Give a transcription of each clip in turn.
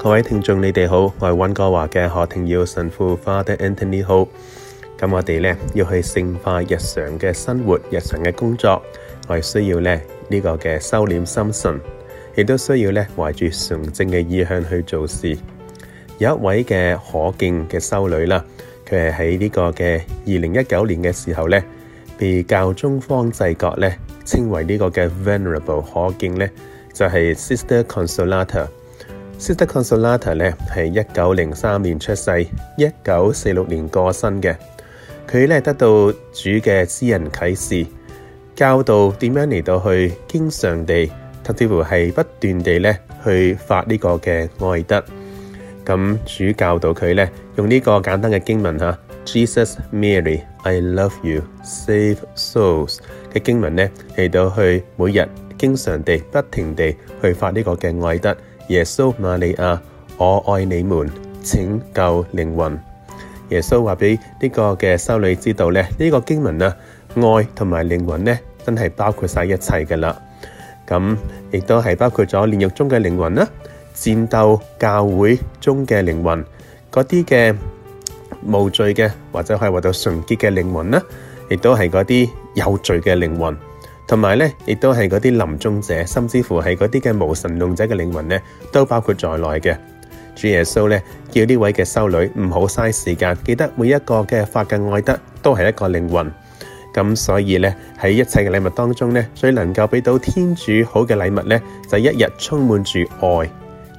各位聽眾，你哋好，我係溫哥華嘅何庭耀神父 Father Anthony 好。咁我哋咧要去聖化日常嘅生活、日常嘅工作，我哋需要咧呢個嘅收斂心神，亦都需要咧懷住純正嘅意向去做事。有一位嘅可敬嘅修女啦，佢係喺呢個嘅二零一九年嘅時候咧，被教宗方濟各咧稱為呢個嘅 Venerable 可敬咧，就係 Sister Consolata。Sister Consolata 咧係一九零三年出世，一九四六年過身嘅。佢咧得到主嘅私人啟示教導點樣嚟到去經常地，甚至乎係不斷地咧去發呢個嘅愛德。咁主教導佢咧用呢個簡單嘅經文吓：Jesus, Mary, I love you, save souls。嘅經文咧嚟到去每日經常地不停地去發呢個嘅愛德。耶穌、瑪利亞，我愛你們，拯救靈魂。耶穌話俾呢個嘅修女知道咧，呢個經文啊，愛同埋靈魂咧，真係包括晒一切噶啦。咁亦都係包括咗煉獄中嘅靈魂啦，戰鬥教會中嘅靈魂，嗰啲嘅無罪嘅或者可以話到純潔嘅靈魂啦，亦都係嗰啲有罪嘅靈魂。同埋咧，亦都係嗰啲臨終者，甚至乎係嗰啲嘅無神論者嘅靈魂咧，都包括在內嘅。主耶穌咧，叫呢位嘅修女唔好嘥時間，記得每一個嘅法嘅愛德都係一個靈魂。咁所以咧，喺一切嘅禮物當中咧，最能夠俾到天主好嘅禮物咧，就係一日充滿住愛、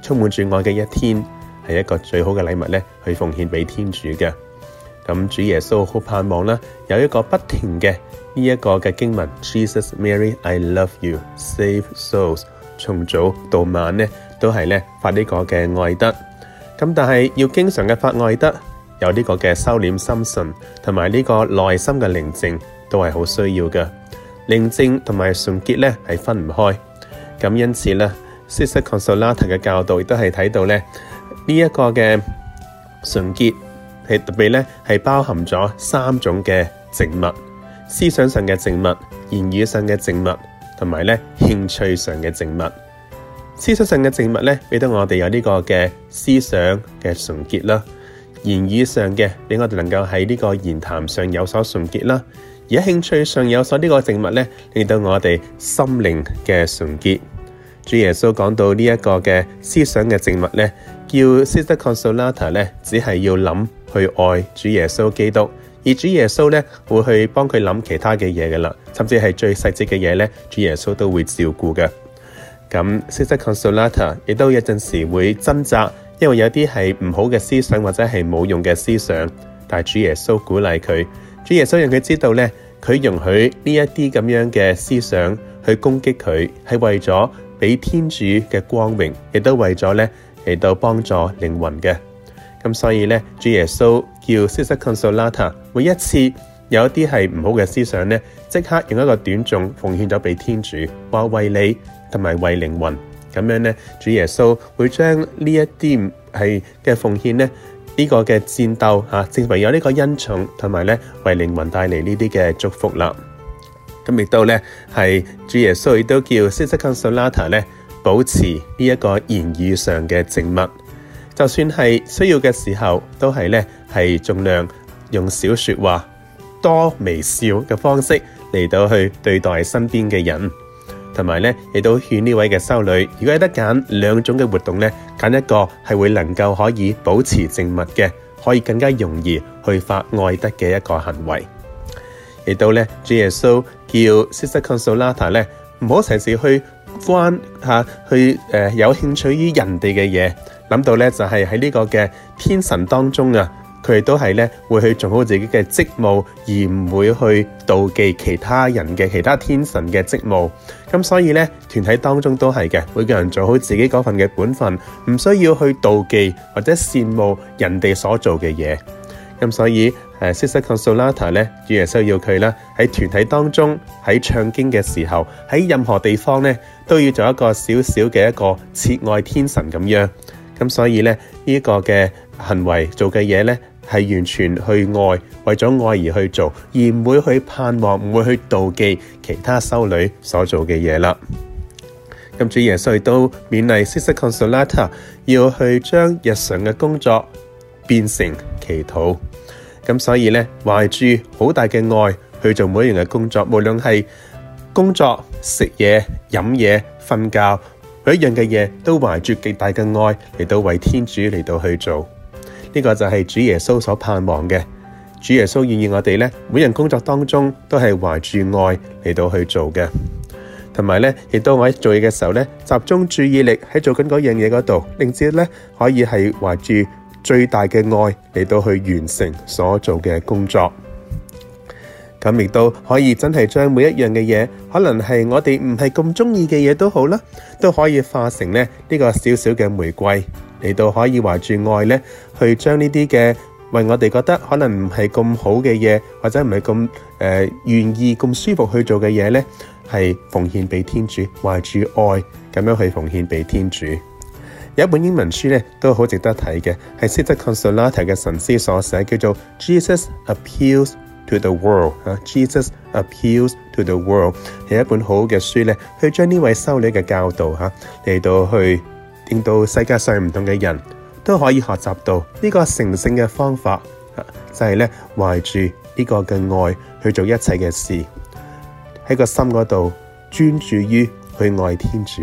充滿住愛嘅一天，係一個最好嘅禮物咧，去奉獻俾天主嘅。咁主耶穌好盼望咧，有一個不停嘅呢一個嘅經文，Jesus Mary I love you, save souls，從早到晚咧都係咧發呢個嘅愛德。咁但係要經常嘅發愛德，有呢個嘅收斂心神，同埋呢個內心嘅寧靜都係好需要㗎。寧靜同埋純潔咧係分唔開。咁因此咧，Sister Consolata 嘅教導亦都係睇到咧呢一個嘅純潔。係特別咧，係包含咗三種嘅靜物：思想上嘅靜物、言語上嘅靜物，同埋咧興趣上嘅靜物。思想上嘅靜物咧，俾到我哋有呢個嘅思想嘅純潔啦；言語上嘅，俾我哋能夠喺呢個言談上有所純潔啦。而喺興趣上有所呢個靜物咧，令到我哋心靈嘅純潔。主耶穌講到呢一個嘅思想嘅靜物咧，叫 Sister Consolata 咧，只係要諗。去愛主耶穌基督，而主耶穌咧會去幫佢諗其他嘅嘢嘅啦，甚至係最細節嘅嘢咧，主耶穌都會照顧嘅。咁，Sister Consolata 亦都有一陣時會掙扎，因為有啲係唔好嘅思想或者係冇用嘅思想，但係主耶穌鼓勵佢，主耶穌讓佢知道咧，佢容許呢一啲咁樣嘅思想去攻擊佢，係為咗俾天主嘅光榮，亦都為咗咧嚟到幫助靈魂嘅。咁所以咧，主耶穌叫 Sister Consolata，每一次有一啲係唔好嘅思想咧，即刻用一個短誦奉獻咗俾天主，話為你同埋為靈魂，咁樣咧，主耶穌會將呢一啲係嘅奉獻咧，呢、這個嘅戰鬥嚇、啊，正因為有呢個恩寵同埋咧，為靈魂帶嚟呢啲嘅祝福啦。咁亦都咧係主耶穌亦都叫 Sister Consolata 咧，保持呢一個言語上嘅靜默。就算係需要嘅時候，都係咧係盡量用少說話、多微笑嘅方式嚟到去對待身邊嘅人，同埋咧亦都勸呢位嘅修女，如果有得揀兩種嘅活動咧，揀一個係會能夠可以保持靜默嘅，可以更加容易去發愛德嘅一個行為。亦都咧主耶穌叫 Sister Consolata 咧，唔好成時去。關吓、啊、去誒、呃，有興趣於人哋嘅嘢，諗到咧就係喺呢個嘅天神當中啊，佢哋都係咧會去做好自己嘅職務，而唔會去妒忌其他人嘅其他天神嘅職務。咁所以咧，團體當中都係嘅，每個人做好自己嗰份嘅本分，唔需要去妒忌或者羨慕人哋所做嘅嘢。咁所以，誒司事康訴拉特咧，主耶穌要佢啦，喺團體當中，喺唱經嘅時候，喺任何地方咧，都要做一個小小嘅一個切愛天神咁樣。咁所以咧，呢一個嘅行為做嘅嘢咧，係完全去愛，為咗愛而去做，而唔會去盼望，唔會去妒忌其他修女所做嘅嘢啦。咁主耶穌亦都勉勵司事康訴拉特要去將日常嘅工作變成祈禱。咁所以咧，懷住好大嘅愛去做每一樣嘅工作，無論係工作、食嘢、飲嘢、瞓覺，每一樣嘅嘢都懷住極大嘅愛嚟到為天主嚟到去做。呢個就係主耶穌所盼望嘅，主耶穌願意我哋咧，每樣工作當中都係懷住愛嚟到去做嘅。同埋咧，亦都我喺做嘢嘅時候咧，集中注意力喺做緊嗰樣嘢嗰度，令至咧可以係懷住。最大嘅愛嚟到去完成所做嘅工作，咁亦都可以真係將每一樣嘅嘢，可能係我哋唔係咁中意嘅嘢都好啦，都可以化成咧呢個小小嘅玫瑰嚟到可以懷住愛咧，去將呢啲嘅為我哋覺得可能唔係咁好嘅嘢，或者唔係咁誒願意咁舒服去做嘅嘢咧，係奉獻俾天主，懷住愛咁樣去奉獻俾天主。有一本英文書咧，都好值得睇嘅，係 Consolata 嘅神師所寫，叫做《Jesus Appeals to the World》。吓，《Jesus Appeals to the World》係一本好好嘅書咧，去將呢位修女嘅教導吓嚟到去，令到世界上唔同嘅人都可以學習到呢個成聖嘅方法，就係咧懷住呢個嘅愛去做一切嘅事，喺個心嗰度專注於去愛天主。